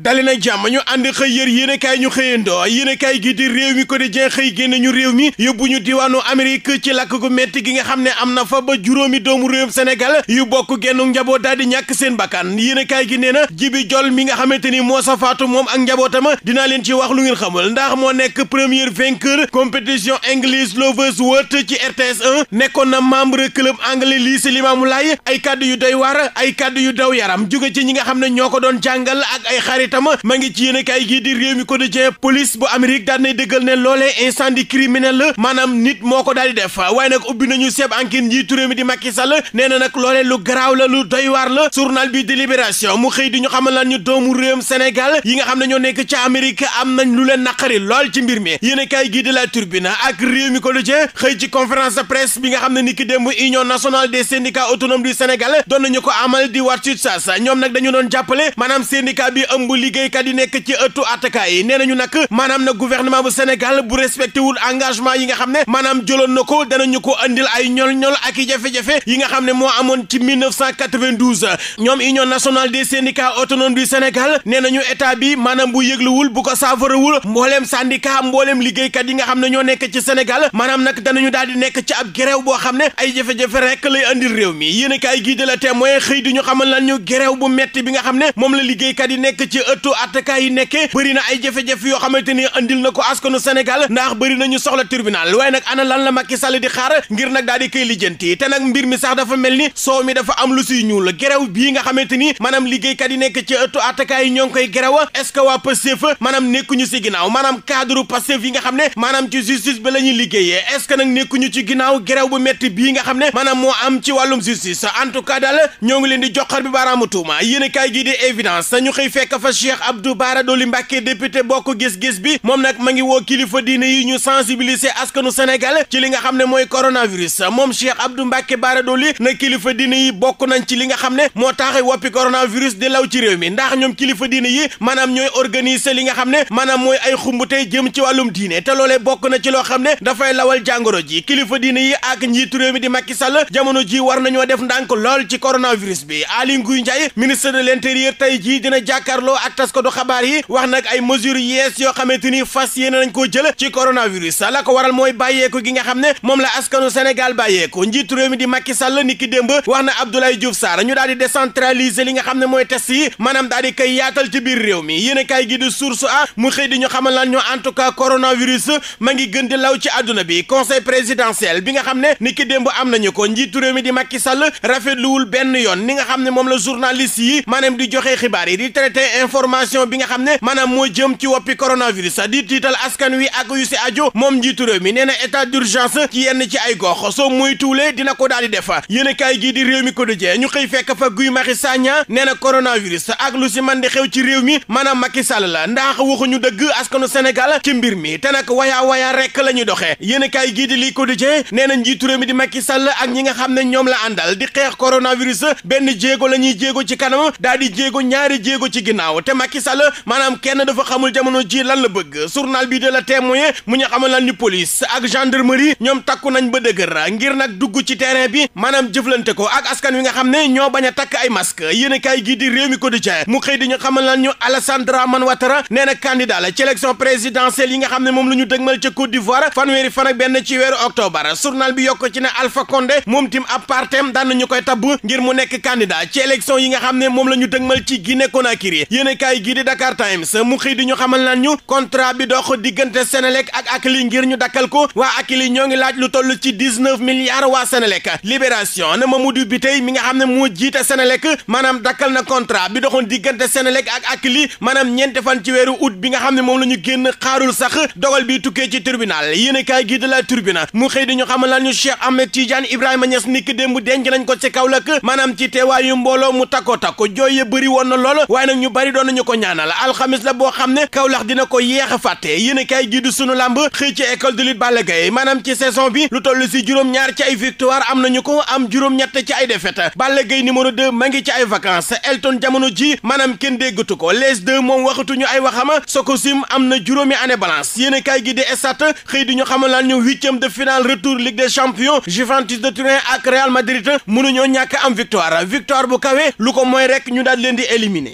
dali na jàmm ñu ànd xëy yër yéen a ñu xëyandoo yéen a kaay gi di réew mi jeex xëy génn ñu réew mi yóbbu ñu diwaanu Amérique ci lakk gu metti gi nga xam ne am na fa ba juróomi doomu réew Sénégal yu bokk gennu njaboot daal di ñàkk seen bakkan yéen gi nee na jibi jol mi nga xamante ni moo sa faatu moom ak njabootama dinaa leen ci wax lu ngeen xamul ndax moo nekk premier vainqueur compétition English Lovers World ci RTS 1 nekkoon na membre club anglais lycée Limamoulaye ay kàddu yu doy waar ay kàddu yu daw yaram jóge ci ñi nga xam ne ñoo ko doon jàngal ak ay xarit itam ma ngi ci yéen kaay gii di réew mi quotidien police bu Amérique daan nay dëggal ne loolee incendie criminel la maanaam nit moo ko daal di def waaye nag ubbi nañu seeb enquête njiitu réew mi di Macky Sall nee na nag loolee lu garaaw la lu doy waar la journal bi délibération mu xëy di ñu xamal lan ñu doomu réewum Sénégal yi nga xam ne ñoo nekk ca Amérique am nañ lu leen naqari lool ci mbir mi yéen kaay gii di la turbine ak réew mi quotidien xëy ci conférence de presse bi nga xam ne ni ki démb union nationale des syndicats autonomes du Sénégal doon nañu ko amal doon jàppale maanaam liggéeykat yi nekk ci ëttu attakaay yi nee nañu nag maanaam nag gouvernement bu Sénégal bu respecté wul engagement yi nga xam ne maanaam jëloon na ko danañu ko andil ay ñol-ñol ak i jafe-jafe yi nga xam ne moo amoon ci 1992 ñoom union nationale des syndicats autonomes du Sénégal nee nañu état bi maanaam bu yëgluwul bu ko saafarawul mbooleem syndicat mbooleem liggéeykat yi nga xam ne ñoo nekk ci Sénégal maanaam nag danañu daal di nekk ci ab grève boo xam ne ay jafe-jafe rek lay andil mi yéen a kaay gii de la témoin xëy di ñu xamal lan ñu grève bu metti bi nga xam ne moom la liggéeykat yi nekk ci ëttu attakaay yi nekkee bëri na ay jafe-jafe yoo xamante ni andil na ko askanu Sénégal ndax bëri nañu soxla tribunal waaye nag ana lan la Macky Sall di xaar ngir nag daal di koy lijjanti te nag mbir mi sax dafa mel ni soow mi dafa am lu siy ñuul gerew bii nga xamante ni maanaam liggéeykat yi nekk ci ëttu attakaay yi ñoo ngi koy gerewa est waa Pastef maanaam nekkuñu si ginnaaw maanaam cadre Pastef yi nga xam ne maanaam ci justice bi la ñuy liggéeyee n ce que di Papa Cheikh Abdou Bara Dolly Mbacké député bokk gis-gis bi moom nag ma ngi woo kilifa diine yi ñu sensibiliser askanu Sénégal ci li nga xam ne mooy coronavirus moom Cheikh Abdou Mbacké Bara Dolly na kilifa diine yi bokk nañ ci li nga xam ne moo tax woppi coronavirus di law ci réew mi ndax ñoom kilifa diine yi maanaam ñooy organiser li nga xam ne maanaam mooy ay xumbute jëm ci wàllum diine te loolee bokk na ci loo xam ne dafay lawal jàngoro ji kilifa diine yi ak njiitu réew mi di Macky Sall jamono ji war nañoo def ndànk lool ci coronavirus bi Aly Ngouille Ndiaye ministre de l'intérieur tey jii dina jàkkaarloo ak taskatu xabaar yi wax nag ay mesures yees yoo xamante ni fas yéene nañ koo jël ci coronavirus la ko waral mooy bàyyeeku gi nga xam ne moom la askanu Sénégal bàyyeeku njiitu réew mi di Macky Sall ni ki démb wax na Abdoulaye Diouf Sarr ñu daal di décentraliser li nga xam ne mooy test yi maanaam daal di koy yaatal ci biir réew mi yéen a kaay gi di source a mu xëy di ñu xamal lan ñu en tout cas coronavirus ma ngi gën di law ci àdduna bi conseil présidentiel bi nga xam ne ni ki démb am nañu ko njiitu réew mi di Macky Sall rafetluwul benn yoon ni nga xam ne moom la journaliste yi maanaam di joxe xibaar yi di traité information bi nga xam ne maanaam moo jëm ci woppi coronavirus di tiital askan wi ak yu si aju moom njiitu réew mi nee na état d'urgence ci yenn ci ay gox soo muy tuulee dina ko daal di def yéen a kaay gii di réew mi ko dëjee ñu xëy fekk fa Guy Marius Sagna nee na coronavirus ak lu si man di xew ci réew mi maanaam Macky Sall la ndax waxuñu dëgg askanu Sénégal ci mbir mi te nag wayaa wayaa rek la ñuy doxee yéen gii di lii ko dëjee nee na njiitu réew mi di Macky Sall ak ñi nga xam ne ñoom la àndal di xeex coronavirus benn jéego la ñuy jéego ci kanam daal di jéego ñaari jéego ci ginnaaw ginnaaw te Macky Sall maanaam kenn dafa xamul jamono ji lan la bëgg journal bi de la témoin mu ñu xamal lan ni police ak gendarmerie ñoom takku nañ ba dëgër ngir nag dugg ci terrain bi maanaam jëflante ko ak askan wi nga xam ne ñoo bañ a takk ay masque yéen a kaay gii di réew mi quotidien mu xëy di ñu xamal lan ñu Alassane Dramane Ouattara nee na candidat la ci élection présidentielle yi nga xam ne moom la ñu dëgmal ca Côte d'Ivoire fanweeri fan ak benn ci weeru octobre journal bi yokk ci ne Alpha Condé moom tim apartem daan nañu koy tabb ngir mu nekk candidat ci yi nga xam ne moom la ñu dëgmal ci Guinée Conakry yéen yéenekaay gii di Dakar Times mu xëy di ñu xamal naan ñu contrat bi dox diggante Senelec ak Akilee ngir ñu dakkal ko waa Akilee ñoo ngi laaj lu toll ci dix-neuf milliards waa Senelec Libération na Mamadou Biteye mi nga xam ne moo jiite Senelec maanaam dakkal na contrat bi doxoon diggante Senelec ak Akilee maanaam ñeenti fan ci weeru août bi nga xam ne moom la ñu génn xaarul sax dogal bi tukkee ci tribunal yéenekaay gii di La Tribune mu xëy di ñu xamal naan ñu Cheikh Ahmed Tidiane Ibrahima Niass niki démb denc nañ ko ci Kaolack maanaam ci teewaayu mbooloo mu takko takko jooy ya bëri woon na lool waaye nag ñu bari doon ñu ko ñaanal alxamis la boo xam ne Kaolack dina ko yeex a fàtte yéen a kaay gi sunu làmb xëy ci école de lutte Balla Gaye maanaam ci saison bi lu toll si juróom-ñaar ci ay victoire am nañu ko am juróom-ñett ci ay défaite Balla Gaye numéro 2 ma ngi ci ay vacances Elton jamono ji maanaam kenn déggatu ko les deux moom waxatuñu ay waxama Sococim am na juróomi anne balance yéen a kaay gi di estat xëy di ñu xamal laan ñu huitième de finale retour Ligue des champions Juventus de Turin ak Real Madrid mënuñoo ñàkk am victoire lu ko mooy rek ñu daal leen di éliminer